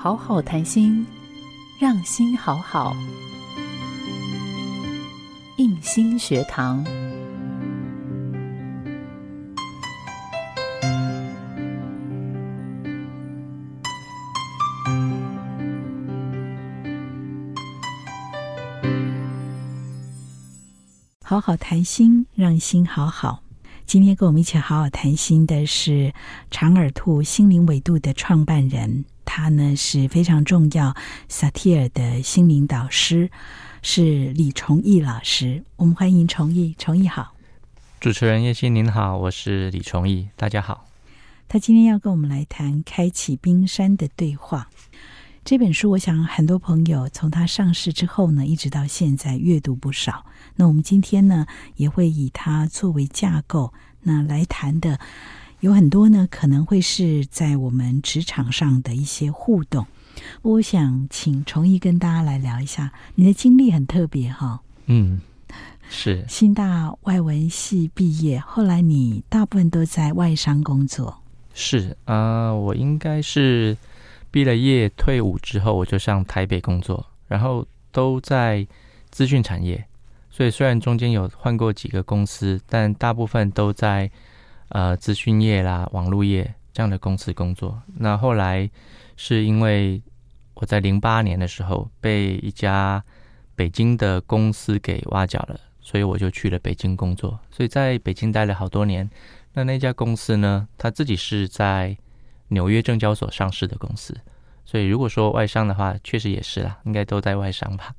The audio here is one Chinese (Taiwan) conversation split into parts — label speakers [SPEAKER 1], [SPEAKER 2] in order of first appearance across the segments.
[SPEAKER 1] 好好談心，讓心好好。映心學堂。好好談心，讓心好好。今天跟我們一起好好談心的是長耳兔心靈維度的創辦人，他呢，是非常重要薩提爾的心靈導師，是李崇義老師。我們歡迎崇義，崇義好。
[SPEAKER 2] 主持人葉欣您好，我是李崇義，大家好。
[SPEAKER 1] 他今天要跟我們來談《開啟冰山的對話》這本書，我想很多朋友從他上市之後呢，一直到現在閱讀不少。那我們今天呢，也會以他作為架構，那來談的。有很多呢，可能會是在我們職場上的一些互動。我想請崇義跟大家來聊一下，你的經歷很特別哈、哦。嗯，是新大外文系畢業，後來你大部分都在外商工作。
[SPEAKER 2] 是啊、呃，我應該是畢了業、退伍之後我就上台北工作，然後都在資訊產業。所以雖然中間有換過幾個公司，但大部分都在。呃，資訊業啦，網絡業這樣的公司工作。那後來是因為我在零八年的時候被一家北京的公司給挖角了，所以我就去了北京工作。所以在北京待了好多年。那那家公司呢，他自己是在紐約證交所上市的公司。所以如果說外商的話，確實也是啦，應該都在外商吧。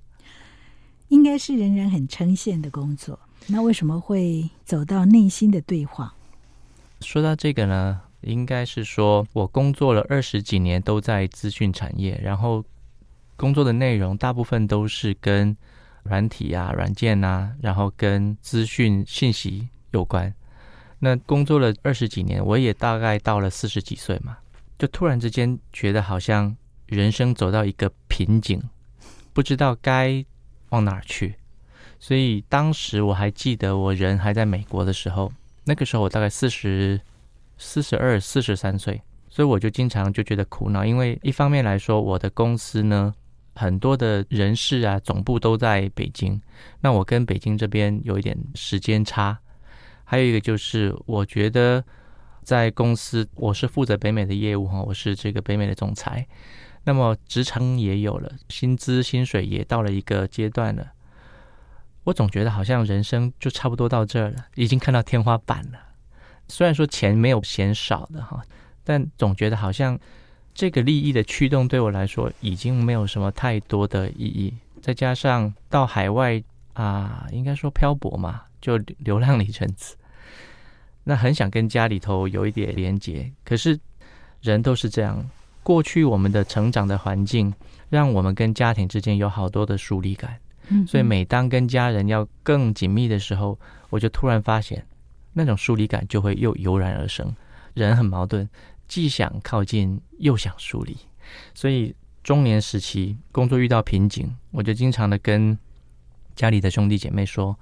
[SPEAKER 1] 應該是人人很稱羨的工作。那為什麼會走到內心的對話？
[SPEAKER 2] 說到這個呢，應該是說我工作了二十幾年都在資訊產業，然後工作的內容大部分都是跟軟體啊、軟件啊，然後跟資訊信息有關。那工作了二十幾年，我也大概到了四十幾歲嘛，就突然之間覺得好像人生走到一個瓶頸，不知道該往哪兒去。所以當時我還記得我人還在美國的時候。那個時候我大概四十四十二、四十三歲，所以我就經常就覺得苦惱，因為一方面來說，我的公司呢，很多的人事啊，總部都在北京，那我跟北京這邊有一點時間差；還有一個就是，我覺得在公司我是負責北美的業務哈，我是這個北美的總裁，那麼職稱也有了，薪資薪水也到了一個階段了。我總覺得好像人生就差不多到這兒了，已經看到天花板了。雖然說錢沒有嫌少的哈，但總覺得好像這個利益的驅動對我來說已經沒有什麼太多的意義。再加上到海外啊，應該說漂泊嘛，就流浪了一陣子。那很想跟家裡頭有一點連結，可是人都是這樣。過去我們的成長的環境，讓我們跟家庭之間有好多的疏離感。所以，每當跟家人要更緊密的時候，我就突然發現，那種疏離感就會又油然而生。人很矛盾，既想靠近，又想疏離。所以，中年時期工作遇到瓶頸，我就經常的跟家裡的兄弟姐妹說：“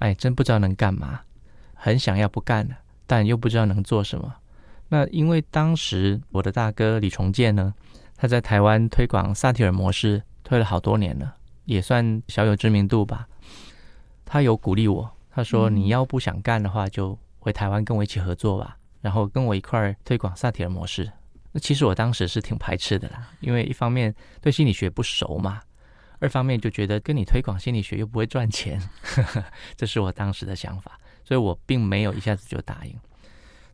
[SPEAKER 2] 哎，真不知道能幹嘛，很想要不幹了，但又不知道能做什麼。”那因為當時我的大哥李崇建呢，他在台灣推廣薩提爾模式，推了好多年了。也算小有知名度吧。他有鼓勵我，他說：“你要不想幹的話，就回台灣跟我一起合作吧，嗯、然後跟我一塊推廣薩提爾模式。”那其實我當時是挺排斥的啦，因為一方面對心理學不熟嘛，二方面就覺得跟你推廣心理學又不會賺錢， 這是我當時的想法，所以我並沒有一下子就答應。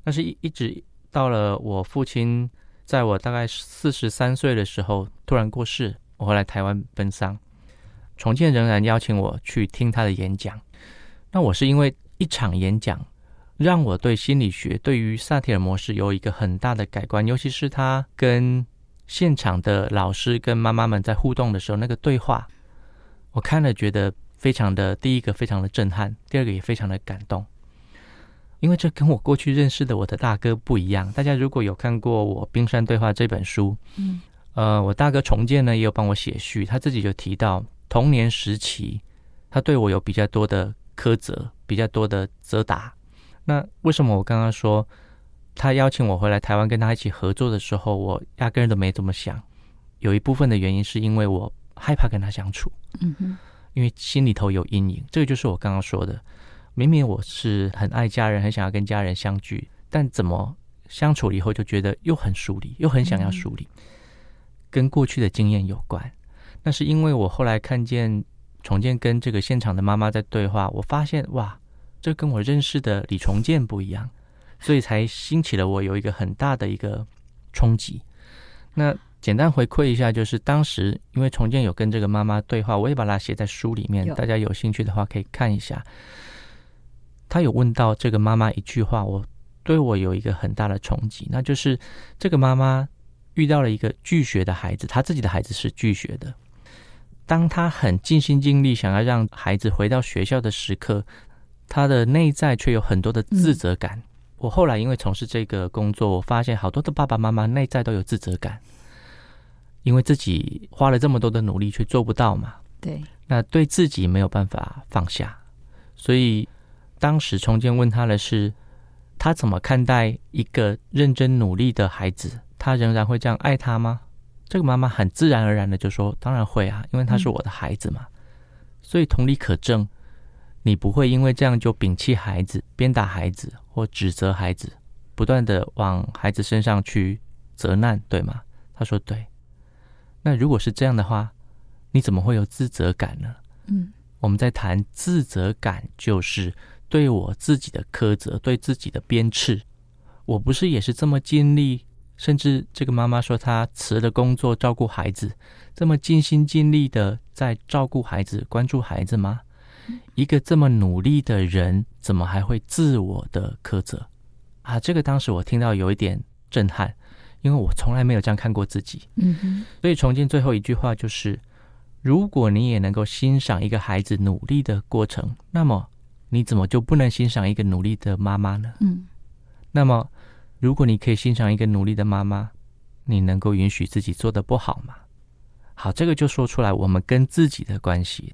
[SPEAKER 2] 但是，一一直到了我父親在我大概四十三歲的時候突然過世，我回來台灣奔喪。崇建仍然邀請我去聽他的演講，那我是因為一場演講讓我對心理學對於薩提爾模式有一個很大的改觀。尤其是他跟現場的老師跟媽媽們在互動的時候那個對話，我看了覺得非常的，第一個非常的震撼，第二個也非常的感動，因為這跟我過去認識的我的大哥不一樣。大家如果有看過我《冰山對話》這本書，嗯，呃，我大哥崇建呢也有幫我寫序，他自己就提到。童年時期，他對我有比較多的苛責，比較多的責打。那為什麼我剛剛說他邀請我回來台灣跟他一起合作的時候，我壓根都沒這麼想？有一部分的原因是因為我害怕跟他相處，嗯哼，因為心裡頭有陰影。這個就是我剛剛說的，明明我是很愛家人，很想要跟家人相聚，但怎麼相處了以後就覺得又很疏離，又很想要疏離，嗯、跟過去的經驗有關。但是因為我後來看見崇建跟這個現場的媽媽在對話，我發現哇，這跟我認識的李崇建不一樣，所以才興起了我有一個很大的一個衝擊。那簡單回饋一下，就是當時因為崇建有跟這個媽媽對話，我也把它寫在書裡面，大家有興趣的話可以看一下。他有問到這個媽媽一句話，我對我有一個很大的衝擊，那就是這個媽媽遇到了一個拒學的孩子，她自己的孩子是拒學的。當他很盡心盡力想要讓孩子回到學校的時刻，他的內在卻有很多的自責感。嗯。我後來因為從事這個工作，我發現好多的爸爸媽媽內在都有自責感，因為自己花了這麼多的努力卻做不到嘛。對。那對自己沒有辦法放下，所以當時崇建問他的是，他怎麼看待一個認真努力的孩子，他仍然會這樣愛他嗎？這個媽媽很自然而然的就說：“當然會啊，因為他是我的孩子嘛。”嗯，所以同理可證，你不會因為這樣就摒棄孩子、鞭打孩子或指責孩子，不斷的往孩子身上去責難，對嗎？他說：“對。”那如果是這樣的話，你怎麼會有自責感呢？嗯，我們在談自責感，就是對我自己的苛責、對自己的鞭笞。我不是也是這麼盡力？甚至這個媽媽說她辭了工作照顧孩子，這麼盡心盡力的在照顧孩子、關注孩子嗎？一個這麼努力的人，怎麼還會自我的苛責啊？這個當時我聽到有一點震撼，因為我從來沒有這樣看過自己。嗯哼。所以崇建最後一句話就是：如果你也能夠欣賞一個孩子努力的過程，那麼你怎麼就不能欣賞一個努力的媽媽呢？嗯。那麼。如果你可以欣賞一個努力的媽媽，你能夠允許自己做得不好嗎？好，這個就說出來，我們跟自己的關係。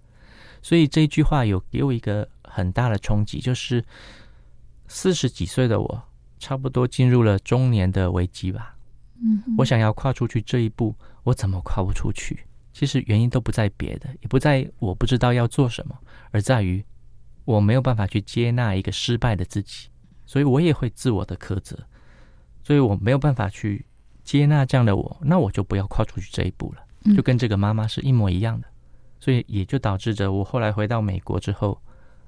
[SPEAKER 2] 所以這句話有給我一個很大的衝擊，就是四十幾歲的我，差不多進入了中年的危機吧。嗯哼，我想要跨出去這一步，我怎麼跨不出去？其實原因都不在別的，也不在我不知道要做什麼，而在於我沒有辦法去接納一個失敗的自己，所以我也會自我的苛責。所以我沒有辦法去接納這樣的我，那我就不要跨出去這一步了，就跟這個媽媽是一模一樣的。所以也就導致着我後來回到美國之後，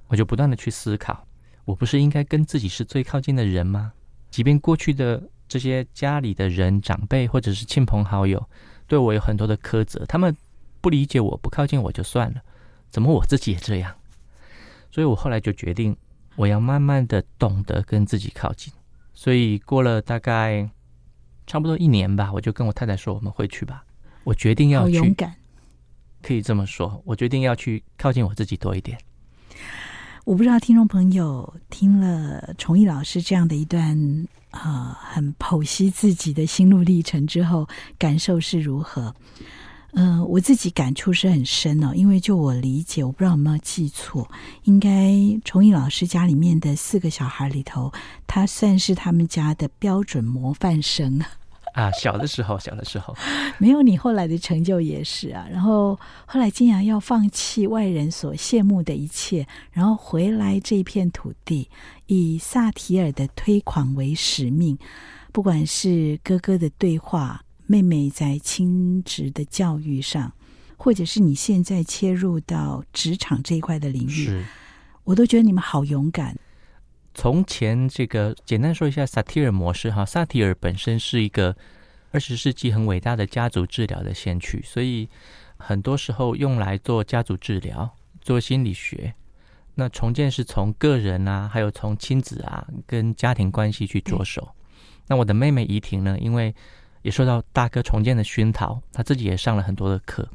[SPEAKER 2] 我就不斷的去思考，我不是應該跟自己是最靠近的人嗎？即便過去的這些家裡的人、長輩或者是親朋好友，對我有很多的苛責，他們不理解我不，不靠近我就算了，怎麼我自己也這樣？所以我後來就決定，我要慢慢的懂得跟自己靠近。所以過了大概差不多一年吧，我就跟我太太說：“我們回去吧。”我決定要去，勇敢，可以這麼說，我決定要去靠近我自己多一點。
[SPEAKER 1] 我不知道聽眾朋友聽了崇義老師這樣的一段啊、呃，很剖析自己的心路歷程之後，感受是如何？嗯、呃，我自己感觸是很深哦，因為就我理解，我不知道有沒有記錯，應該崇義老師家裡面的四個小孩裡頭，他算是他們家的標準模範生啊。
[SPEAKER 2] 啊，小的時候，小的時候，
[SPEAKER 1] 沒有你後來的成就也是啊。然後後來竟然要放棄外人所羨慕的一切，然後回來這一片土地，以薩提爾的推廣為使命，不管是哥哥的對話。妹妹在親職的教育上，或者是你現在切入到職場這一塊的領域，是我都覺得你們好勇敢。
[SPEAKER 2] 從前這個簡單說一下薩提爾模式哈，薩提爾本身是一個二十世紀很偉大的家族治療的先驅，所以很多時候用來做家族治療、做心理學。那重建是從個人啊，還有從親子啊跟家庭關係去着手。嗯、那我的妹妹怡婷呢，因為。也受到大哥重建的熏陶，他自己也上了很多的課，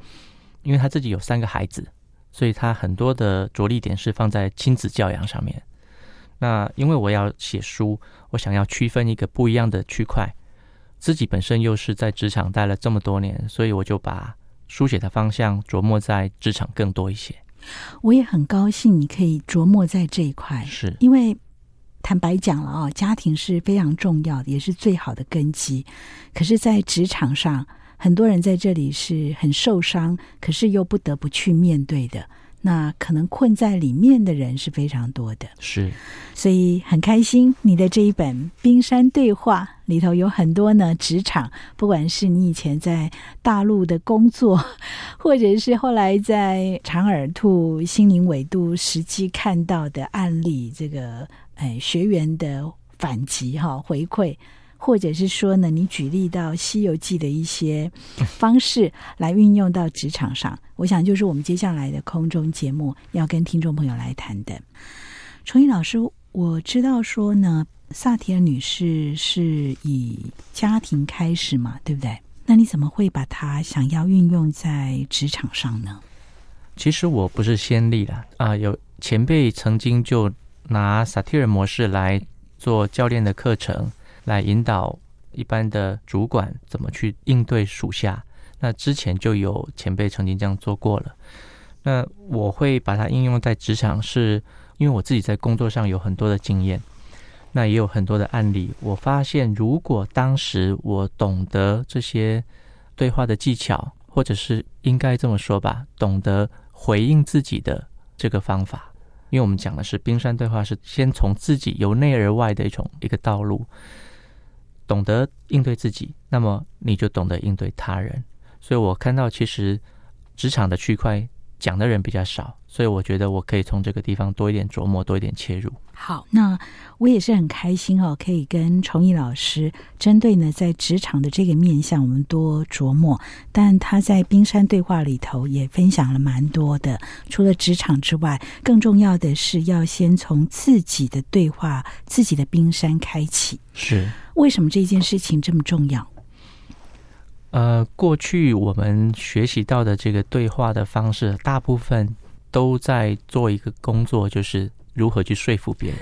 [SPEAKER 2] 因為他自己有三個孩子，所以他很多的着力點是放在親子教養上面，那因為我要寫書，我想要區分一個不一樣的區塊，自己本身又是在職場待了這麼多年，所以我就把書寫的方向著墨在職場更多一些。
[SPEAKER 1] 我也很高興你可以著墨在這一塊，是，因為。坦白講了啊，家庭是非常重要的，也是最好的根基。可是，在職場上，很多人在這裡是很受傷，可是又不得不去面對的。那可能困在裡面的人是非常多的。是，所以很開心你的這一本《冰山對話》裡頭有很多呢，職場不管是你以前在大陸的工作，或者是後來在長耳兔心靈維度時期看到的案例，這個。哎，學員的反擊哈、哦，回饋，或者是說呢，你舉例到《西遊記》的一些方式來運用到職場上， 我想就是我們接下來的空中節目要跟聽眾朋友來談的。崇義老師，我知道說呢，薩提爾女士是以家庭開始嘛，對不對？那你怎麼會把她想要運用在職場上呢？
[SPEAKER 2] 其實我不是先例了啊，啊，有前輩曾經就。拿薩提爾模式來做教練的課程，來引導一般的主管怎麼去應對屬下。那之前就有前輩曾經這樣做過了。那我會把它應用在職場，是因為我自己在工作上有很多的經驗，那也有很多的案例。我發現，如果當時我懂得這些對話的技巧，或者是應該這麼說吧，懂得回應自己的這個方法。因為我們講的是冰山對話，是先從自己由內而外的一種一個道路，懂得應對自己，那麼你就懂得應對他人。所以我看到其實職場的區塊講的人比較少，所以我覺得我可以從這個地方多一點
[SPEAKER 1] 琢磨，多一點切入。好，那我也是很開心哦，可以跟崇義老師針對呢在職場的這個面向，我們多琢磨。但他在冰山對話裡頭也分享了蠻多的，除了職場之外，更重要的是要先從自己的對話、自己的冰山開啟。是，為什麼這件事情這麼重要？
[SPEAKER 2] 呃，過去我們學習到的這個對話的方式，大部分都在做一個工作，就是。如何去說服別人？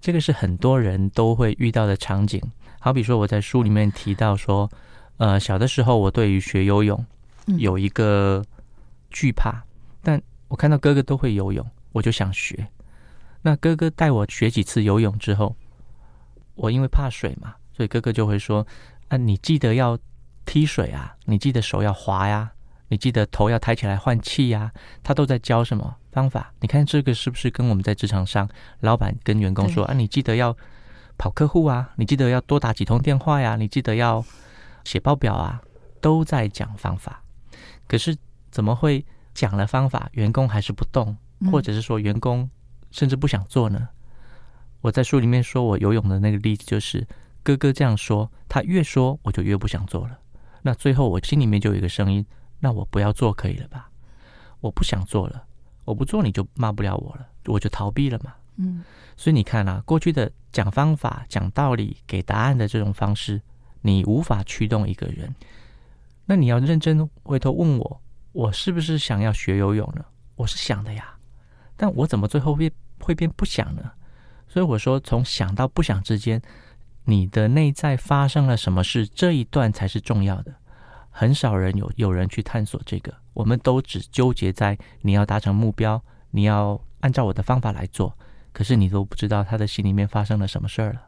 [SPEAKER 2] 這個是很多人都會遇到的場景。好比說，我在書裡面提到說，呃，小的時候我對於學游泳有一個懼怕，但我看到哥哥都會游泳，我就想學。那哥哥帶我學幾次游泳之後，我因為怕水嘛，所以哥哥就會說：“啊，你記得要踢水啊，你記得手要劃呀、啊。”你記得頭要抬起來換氣呀，他都在教什麼方法？你看這個是不是跟我們在職場上，老闆跟員工說啊，你記得要跑客戶啊，你記得要多打幾通電話呀，你記得要寫報表啊，都在講方法。可是怎麼會講了方法，員工還是不動，或者是說員工甚至不想做呢？嗯。我在書裡面說我游泳的那個例子，就是哥哥這樣說，他越說我就越不想做了。那最後我心裡面就有一個聲音。那我不要做可以了吧？我不想做了，我不做你就罵不了我了，我就逃避了嘛。嗯，所以你看啊，過去的講方法、講道理、給答案的這種方式，你無法驅動一個人。那你要認真回頭問我，我是不是想要學游泳呢？我是想的呀，但我怎麼最後會，會變不想呢？所以我說，從想到不想之間，你的內在發生了什麼事，這一段才是重要的。很少人有有人去探索這個，我們都只糾結在你要達成目標，你要按照我的方法來做，可是你都不知道他的心裡面發生了什麼事兒了。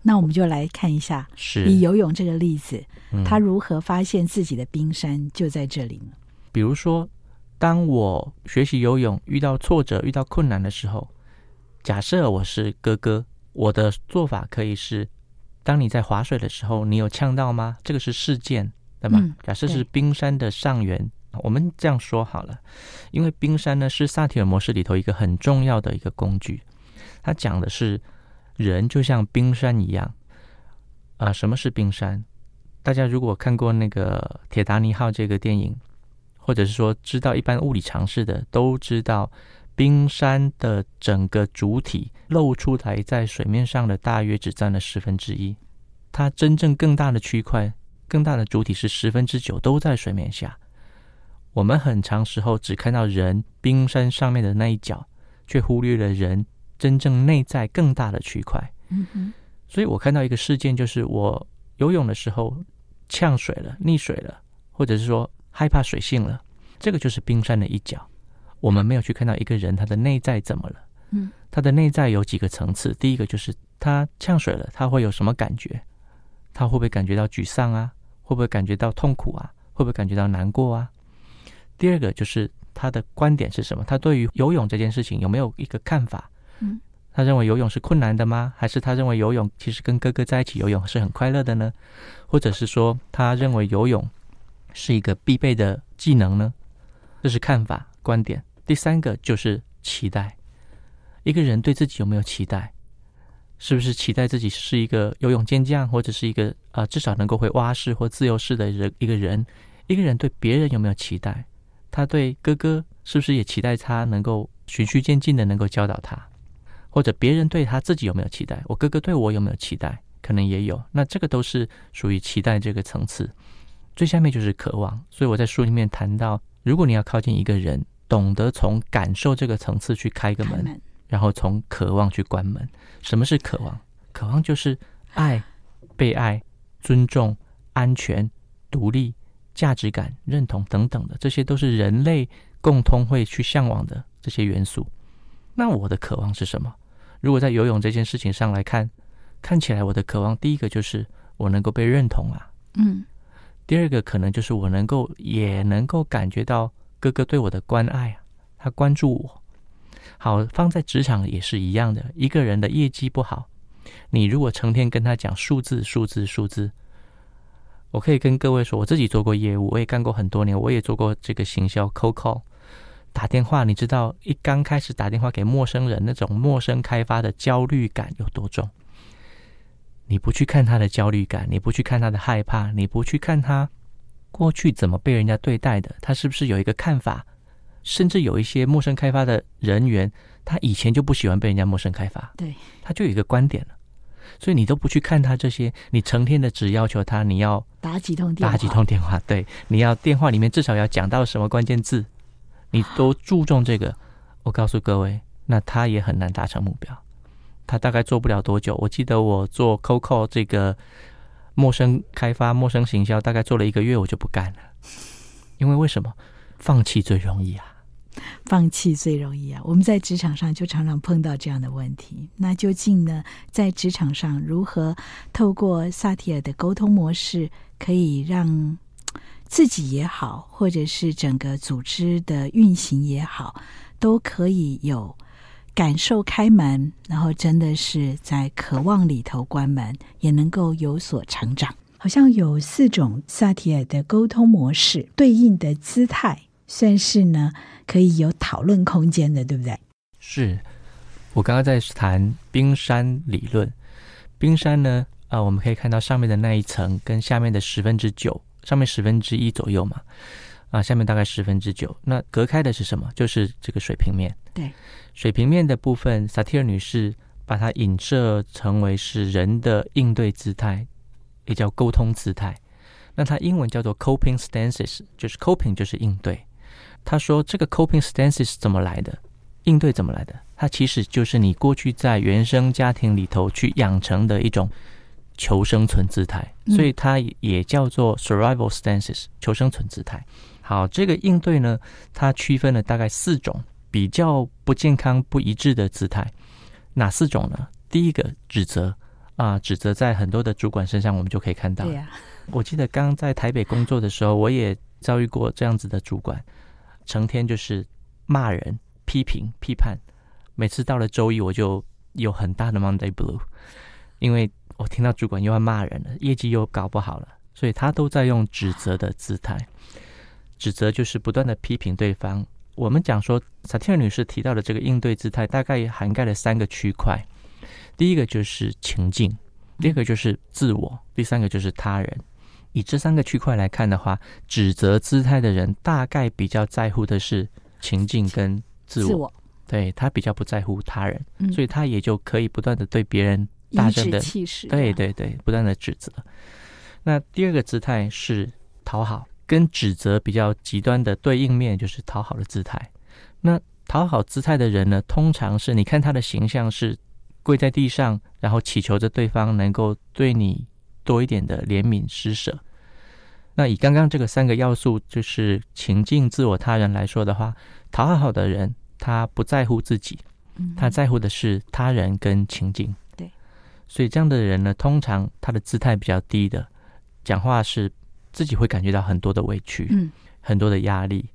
[SPEAKER 1] 那我們就來看一下，是以游泳這個例子，嗯，他如何發現自己的冰山就在這裡呢？
[SPEAKER 2] 比如說，當我學習游泳遇到挫折、遇到困難的時候，假設我是哥哥，我的做法可以是：當你在划水的時候，你有嗆到嗎？這個是事件。對吧？假設是冰山的上緣，嗯、我們這樣說好了。因為冰山呢是薩提爾模式裡頭一個很重要的一個工具，它講的是人就像冰山一樣。啊、呃，什麼是冰山？大家如果看過那個《鐵達尼號》這個電影，或者是說知道一般物理常識的，都知道冰山的整個主體露出來在水面上的，大約只占了十分之一，它真正更大的區塊。更大的主體是十分之九都在水面下。我們很長時候只看到人冰山上面的那一角，卻忽略了人真正內在更大的區塊。嗯哼。所以我看到一個事件，就是我游泳的時候嗆水了、溺水了，或者是說害怕水性了，這個就是冰山的一角。我們沒有去看到一個人他的內在怎麼了。嗯。他的內在有幾個層次？第一個就是他嗆水了，他會有什麼感覺？他會不會感覺到沮喪啊？會不會感覺到痛苦啊？會不會感覺到難過啊？第二個就是他的觀點是什麼？他對於游泳這件事情有沒有一個看法？嗯，他認為游泳是困難的嗎？還是他認為游泳其實跟哥哥在一起游泳是很快樂的呢？或者是說他認為游泳是一個必備的技能呢？這是看法觀點。第三個就是期待，一個人對自己有沒有期待？是不是期待自己是一個游泳健將，或者是一個啊、呃，至少能夠會蛙式或自由式的人？一個人，一個人對別人有沒有期待？他對哥哥是不是也期待他能夠循序漸進的能夠教導他？或者別人對他自己有沒有期待？我哥哥對我有沒有期待？可能也有。那這個都是屬於期待這個層次。最下面就是渴望。所以我在書裡面談到，如果你要靠近一個人，懂得從感受這個層次去開個門。然後從渴望去關門。什麼是渴望？渴望就是愛、被愛、尊重、安全、獨立、價值感、認同等等的，這些都是人類共通會去向往的這些元素。那我的渴望是什麼？如果在游泳這件事情上來看，看起來我的渴望，第一個就是我能夠被認同啊。嗯。第二個可能就是我能夠也能夠感覺到哥哥對我的關愛啊，他關注我。好，放在職場也是一樣的。一個人的業績不好，你如果成天跟他講數字、數字、數字，我可以跟各位說，我自己做過業務，我也幹過很多年，我也做過這個行銷 call call 打電話。你知道，一剛開始打電話給陌生人，那種陌生開發的焦慮感有多重？你不去看他的焦慮感，你不去看他的害怕，你不去看他過去怎麼被人家對待的，他是不是有一個看法？甚至有一些陌生開發的人員，他以前就不喜歡被人家陌生開發，對，他就有一個觀點了，所以你都不去看他這些，你成天的只要求他，你要
[SPEAKER 1] 打幾通電話，打幾
[SPEAKER 2] 通電話，對，你要電話裡面至少要講到什麼關鍵字，你都注重這個，啊、我告訴各位，那他也很難達成目標，他大概做不了多久。我記得我做 COCO 這個陌生開發、陌生行銷，大概做了一個月，我就不幹了，因為為什麼？放棄最容易啊。
[SPEAKER 1] 放棄最容易啊！我們在職場上就常常碰到這樣的問題。那究竟呢，在職場上如何透過薩提爾的溝通模式，可以讓自己也好，或者是整個組織的運行也好，都可以有感受開門，然後真的是在渴望裡頭關門，也能夠有所成長？好像有四種薩提爾的溝通模式對應的姿態。算是呢，可以有討論空間的，對不對？
[SPEAKER 2] 是，我剛剛在談冰山理論。冰山呢，啊、呃，我們可以看到上面的那一層跟下面的十分之九，上面十分之一左右嘛，啊，下面大概十分之九。那隔開的是什麼？就是這個水平面。對，水平面的部分，薩提爾女士把它影射成為是人的應對姿態，也叫溝通姿態。那它英文叫做 coping stances，就是 coping 就是應對。他說：“這個 coping stances 怎麼來的？應對怎麼來的？它其實就是你過去在原生家庭裡頭去養成的一種求生存姿態，嗯、所以它也叫做 survival stances 求生存姿態。好，這個應對呢，它區分了大概四種比較不健康、不一致的姿態，哪四種呢？第一個指責啊、呃，指責在很多的主管身上，我們就可以看到。啊、我記得剛在台北工作的時候，我也遭遇過這樣子的主管。”成天就是罵人、批評、批判，每次到了周一我就有很大的 Monday Blue，因為我聽到主管又要罵人了，業績又搞不好了，所以他都在用指責的姿態，指責就是不斷的批評對方。我們講說薩提爾女士提到的這個應對姿態，大概涵蓋了三個區塊：第一個就是情境，第二個就是自我，第三個就是他人。以這三個區塊來看的話，指責姿態的人大概比較在乎的是情境跟自我，自我。對，他比較不在乎他人，嗯。所以他也就可以不斷的對別人頤指氣使。對對對，不斷的指責。那第二個姿態是討好，跟指責比較極端的對應面就是討好的姿態。那討好姿態的人呢，通常是你看他的形象是跪在地上，然後祈求着對方能夠對你多一點的憐憫施舍。那以剛剛這個三個要素，就是情境、自我、他人來說的話，討好好的人，他不在乎自己，他在乎的是他人跟情境。嗯、對，所以這樣的人呢，通常他的姿態比較低的，講話是自己會感覺到很多的委屈，嗯、很多的壓力。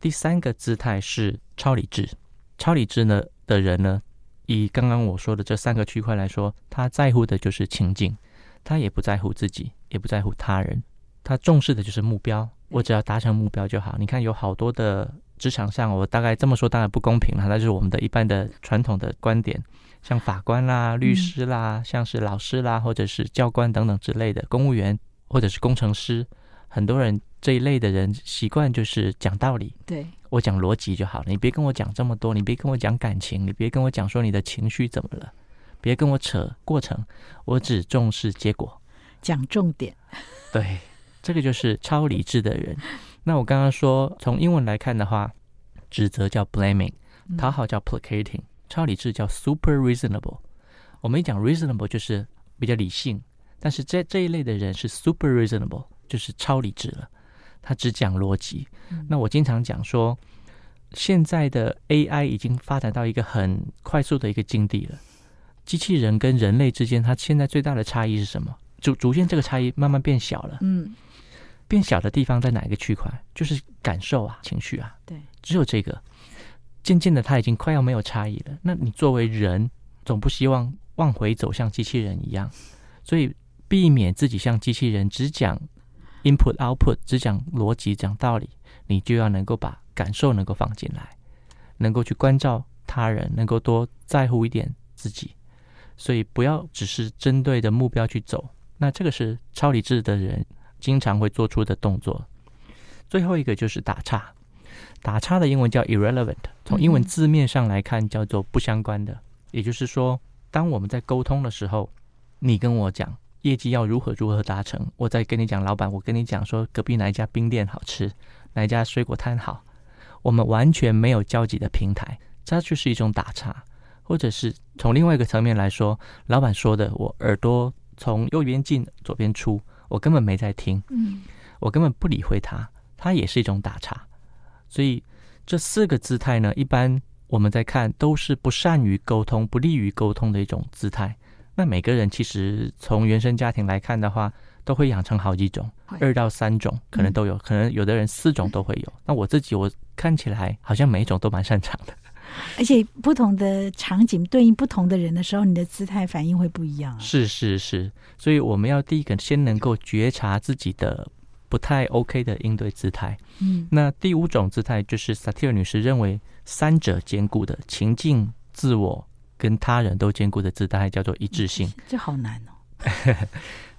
[SPEAKER 2] 第三個姿態是超理智，超理智呢的人呢，以剛剛我說的這三個區塊來說，他在乎的就是情境，他也不在乎自己，也不在乎他人。他重視的就是目標，我只要達成目標就好。你看，有好多的職場上，我大概這麼說當然不公平了，那就是我們的一般的傳統的觀點，像法官啦、律師啦，像是老師啦，或者是教官等等之類的公務員或者是工程師，很多人這一類的人習慣就是講道理，對。我講邏輯就好了，你別跟我講這麼多，你別跟我講感情，你別跟我講說你的情緒怎麼了，別跟我扯過程，我只重視結果，
[SPEAKER 1] 講重點，
[SPEAKER 2] 對。這個就是超理智的人。那我剛剛說，從英文來看的話，指責叫 blaming，討好叫 placating，超理智叫 super reasonable。我們一講 reasonable 就是比較理性，但是這這一類的人是 super reasonable，就是超理智了。他只講邏輯。嗯、那我經常講說，現在的 AI 已經發展到一個很快速的一個境地了。機器人跟人類之間，它現在最大的差異是什麼？逐逐漸這個差異慢慢變小了。嗯。變小的地方在哪一個區塊？就是感受啊，情緒啊。對，只有這個。漸漸的，它已經快要沒有差異了。那你作為人，總不希望往回走像機器人一樣，所以避免自己像機器人只講 input output，只講邏輯，講道理，你就要能夠把感受能夠放進來，能夠去關照他人，能夠多在乎一點自己。所以不要只是針對的目標去走。那這個是超理智的人經常會做出的動作，最後一個就是打岔。打岔的英文叫 irrelevant。從英文字面上來看，叫做不相關的。嗯、哼也就是說，當我們在溝通的時候，你跟我講業績要如何如何達成，我再跟你講老闆，我跟你講說隔壁哪一家冰店好吃，哪一家水果攤好，我們完全沒有交集的平台，這就是一種打岔。或者是從另外一個層面來說，老闆說的，我耳朵從右邊進，左邊出，我根本沒在聽，我根本不理會他，他也是一種打岔。所以這四個姿態呢，一般我們在看都是不善於溝通、不利於溝通的一種姿態。那每個人其實從原生家庭來看的話，都會養成好幾種，二到三種可能都有，可能有的人四種都會有。那我自己我看起來好像每一種都蠻擅長的。
[SPEAKER 1] 而且不同的場景對應不同的人的時候，你的姿態反應會不一樣
[SPEAKER 2] 啊。是是是，所以我們要第一個先能夠覺察自己的不太 OK 的應對姿態。嗯，那第五種姿態就是薩提爾女士認為三者兼顧的情境，自我跟他人都兼顧的姿態，叫做一致性。
[SPEAKER 1] 這好難哦。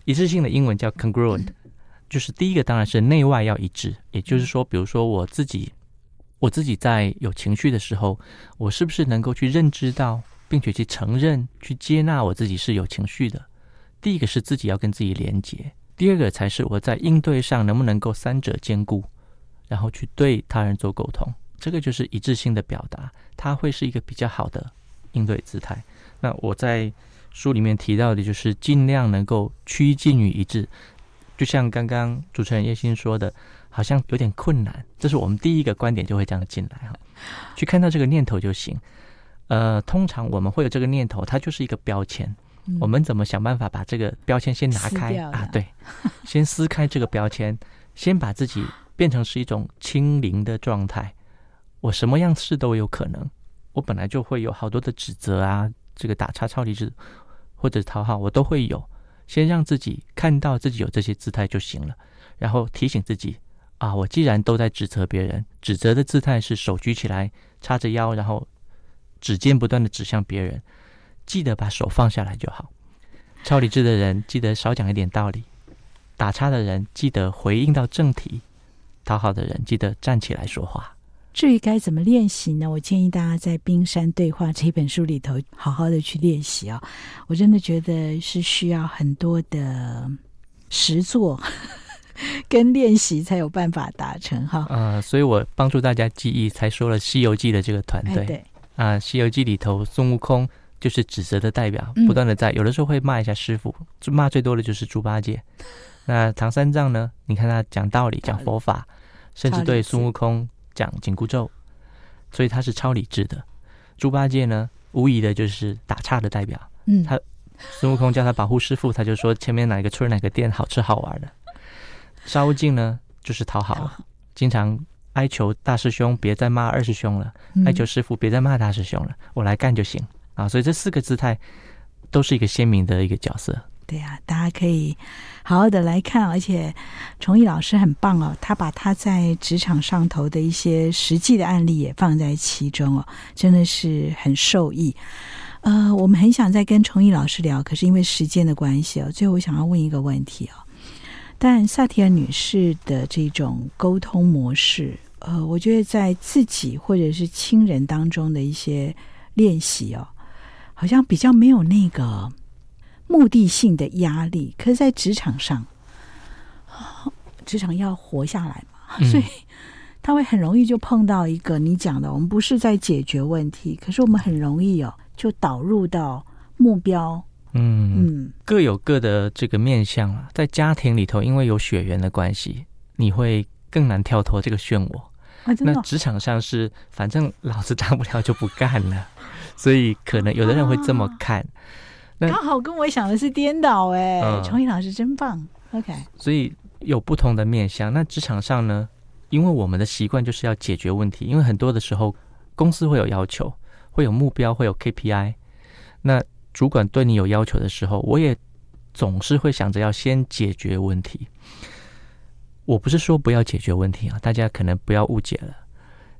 [SPEAKER 2] 一致性的英文叫 congruent，嗯，就是第一個當然是內外要一致，也就是說，比如說我自己。我自己在有情緒的時候，我是不是能夠去認知到，並且去承認、去接納我自己是有情緒的？第一個是自己要跟自己連接；第二個才是我在應對上能不能夠三者兼顧，然後去對他人做溝通。這個就是一致性的表達，它會是一個比較好的應對姿態。那我在書裡面提到的就是盡量能夠趨近於一致，就像剛剛主持人葉欣說的。好像有點困難，這是我們第一個觀點，就會這樣進來哈，去看到這個念頭就行。呃，通常我們會有這個念頭，它就是一個標籤。嗯、我們怎麼想辦法把這個標籤先拿開啊？對，先撕開這個標籤，先把自己變成是一種清零的狀態。我什麼樣事都有可能，我本來就會有好多的指責啊，這個打岔、超理智或者討好，我都會有。先讓自己看到自己有這些姿態就行了，然後提醒自己，啊！我既然都在指責別人，指責的姿態是手舉起來，插著腰，然後指尖不斷的指向別人。記得把手放下來就好。超理智的人記得少講一點道理，打岔的人記得回應到正題，討好的人記得站起來說話。
[SPEAKER 1] 至於該怎麼練習呢？我建議大家在《冰山對話》這本書裡頭好好的去練習啊、哦！我真的覺得是需要很多的實作。跟練習才有辦法達成哈。嗯、呃，
[SPEAKER 2] 所以我幫助大家記憶，才說了《西遊記》的這個團隊。哎、對啊，呃《西遊記》裡頭孫悟空就是指責的代表，不斷的在、嗯、有的時候會罵一下師傅，罵最多的就是豬八戒。那唐三藏呢？你看他講道理、理講佛法，甚至對孫悟空講緊箍咒，所以他是超理智的。豬八戒呢，無疑的就是打岔的代表。嗯，他孫悟空叫他保護師傅，他就說前面哪個村、哪個店好吃好玩的。沙悟淨呢，就是討好，討好經常哀求大師兄別再罵二師兄了，嗯、哀求師父別再罵大師兄了，我來幹就行啊！所以這四個姿態都是一個鮮明的一個角色。
[SPEAKER 1] 對啊，大家可以好好的來看，而且崇義老師很棒哦，他把他在職場上頭的一些實際的案例也放在其中哦，真的是很受益。呃，我們很想再跟崇義老師聊，可是因為時間的關係哦，最後我想要問一個問題哦。但薩提爾女士的這種溝通模式，呃，我覺得在自己或者是親人當中的一些練習哦，好像比較沒有那個目的性的壓力。可是，在職場上，職場要活下來嘛，所以他會很容易就碰到一個你講的，我們不是在解決問題，可是我們很容易哦就導入到目標。
[SPEAKER 2] 嗯，各有各的這個面向啊，在家庭裡頭，因為有血緣的關係，你會更難跳脫這個漩渦。
[SPEAKER 1] 啊哦、那職
[SPEAKER 2] 場上是，反正老子大不了就不幹了， 所以可能有的人會這麼看。剛、啊、那
[SPEAKER 1] 好跟我想的是顛倒哎、欸、嗯、崇義老師真棒。OK，
[SPEAKER 2] 所以有不同的面向。那職場上呢，因為我們的習慣就是要解決問題，因為很多的時候公司會有要求，會有目標，會有 KPI，那。主管對你有要求的時候，我也總是會想着要先解決問題。我不是說不要解決問題啊，大家可能不要誤解了。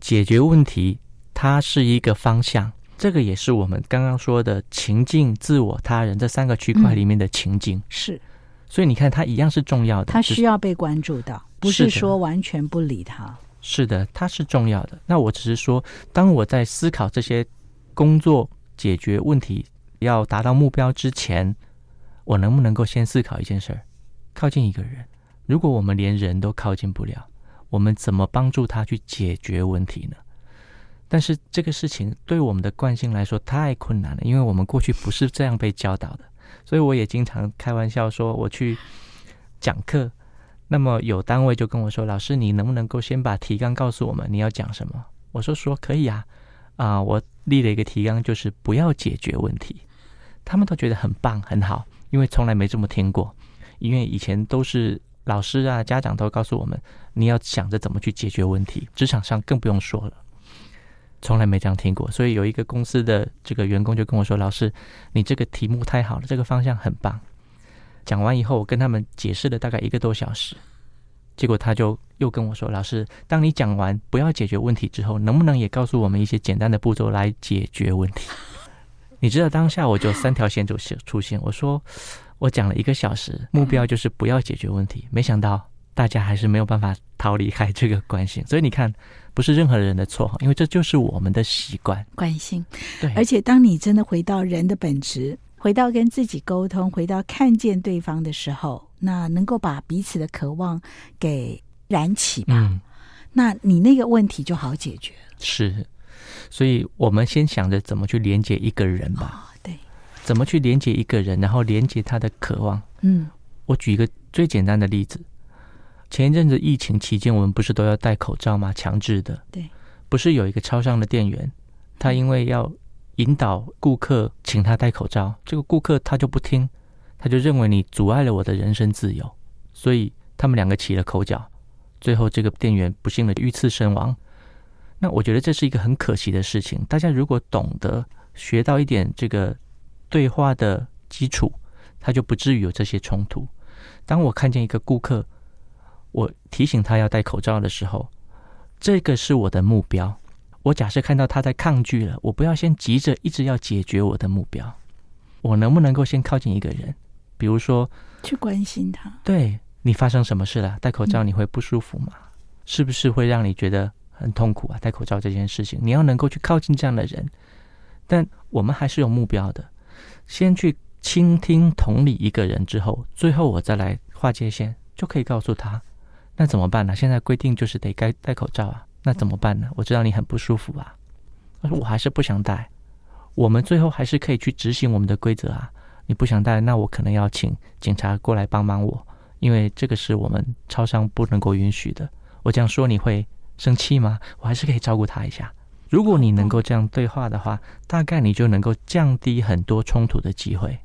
[SPEAKER 2] 解決問題它是一個方向，這個也是我們剛剛說的情境、自我、他人這三個區塊裡面的情境。嗯，是。所以你看，它一樣是重要的，它需
[SPEAKER 1] 要被關注到，不是說完全不理它。
[SPEAKER 2] 是的，它是重要的。那我只是說，當我在思考這些工作解決問題。要達到目標之前，我能不能夠先思考一件事兒，靠近一個人？如果我們連人都靠近不了，我們怎麼幫助他去解決問題呢？但是這個事情對我們的慣性來說太困難了，因為我們過去不是這樣被教導的。所以我也經常開玩笑說，我去講課，那麼有單位就跟我說：“老師，你能不能夠先把提綱告訴我們你要講什麼？”我說說：“可以啊。”啊，呃，我。立了一個提綱，就是不要解決問題，他們都覺得很棒很好，因為從來沒這麼聽過，因為以前都是老師啊、家長都告訴我們，你要想着怎麼去解決問題，職場上更不用說了，從來沒這樣聽過。所以有一個公司的這個員工就跟我說：“老師，你這個題目太好了，這個方向很棒。”講完以後，我跟他們解釋了大概一個多小時。結果他就又跟我說：“老師，當你講完不要解決問題之後，能不能也告訴我們一些簡單的步驟來解決問題？”你知道當下我就三條線就現出現。我說：“我講了一個小時，目標就是不要解決問題。”沒想到大家還是沒有辦法逃離開這個慣性。所以你看，不是任何人的錯，因為這就是我們的習慣
[SPEAKER 1] 慣性心。對，而且當你真的回到人的本質，回到跟自己溝通，回到看見對方的時候。那能夠把彼此的渴望給燃起吧？嗯，那你那個問題就好解決。
[SPEAKER 2] 是，所以我們先想着怎麼去連接一個人吧。哦，對，怎麼去連接一個人，然後連接他的渴望。嗯，我舉一個最簡單的例子：前一陣子疫情期間，我們不是都要戴口罩嗎？強制的。對，不是有一個超商的店員，他因為要引導顧客請他戴口罩，這個顧客他就不聽。他就認為你阻礙了我的人身自由，所以他們兩個起了口角，最後這個店員不幸的遇刺身亡。那我覺得這是一個很可惜的事情。大家如果懂得學到一點這個對話的基礎，他就不至於有這些衝突。當我看見一個顧客，我提醒他要戴口罩的時候，這個是我的目標。我假設看到他在抗拒了，我不要先急着一直要解決我的目標，我能不能夠先靠近一個人？比如說，
[SPEAKER 1] 去關心
[SPEAKER 2] 他。對，你發生什麼事了？戴口罩你會不舒服嗎？嗯、是不是會讓你覺得很痛苦啊？戴口罩這件事情，你要能夠去靠近這樣的人。但我們還是有目標的，先去傾聽、同理一個人之後，最後我再來劃界線，就可以告訴他：那怎麼辦呢？現在規定就是得該戴口罩啊，那怎麼辦呢？我知道你很不舒服啊，但是，我還是不想戴。我們最後還是可以去執行我們的規則啊。你不想帶，那我可能要請警察過來幫忙我，因為這個是我們超商不能夠允許的。我這樣說你會生氣嗎？我還是可以照顧他一下。如果你能夠這樣對話的話，大概你就能夠降低很多衝突的機會。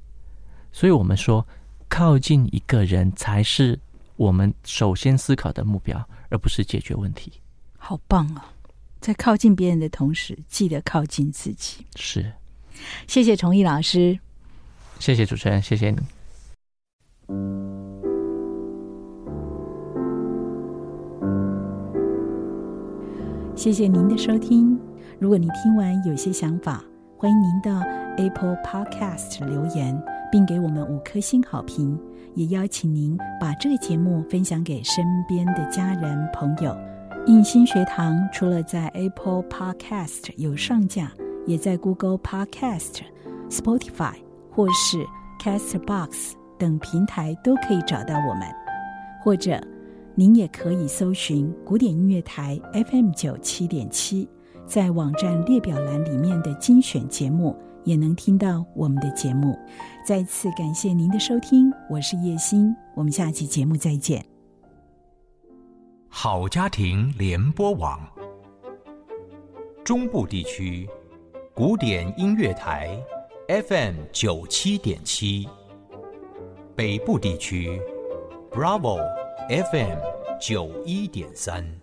[SPEAKER 2] 所以我們說，靠近一個人才是我們首先思考的目標，而不是解決問題。
[SPEAKER 1] 好棒啊！在靠近別人的同時，記得靠近自己。是，謝謝崇義老師。
[SPEAKER 2] 謝謝主持人，謝謝你。
[SPEAKER 1] 謝謝您的收聽。如果您聽完有些想法，歡迎您到 Apple Podcast 留言，並給我們五顆星好評。也邀請您把這個節目分享給身邊的家人朋友。映心學堂除了在 Apple Podcast 有上架，也在 Google Podcast、Spotify。或是 Castbox 等平台都可以找到我們，或者您也可以搜尋古典音樂台 FM 九七點七，在網站列表欄裡面的精選節目也能聽到我們的節目。再次感謝您的收聽，我是葉欣，我們下期節目再見。好家庭聯播網，中部地區古典音樂台。
[SPEAKER 2] FM 九七點七，北部地區
[SPEAKER 1] ，Bravo FM 九一點三。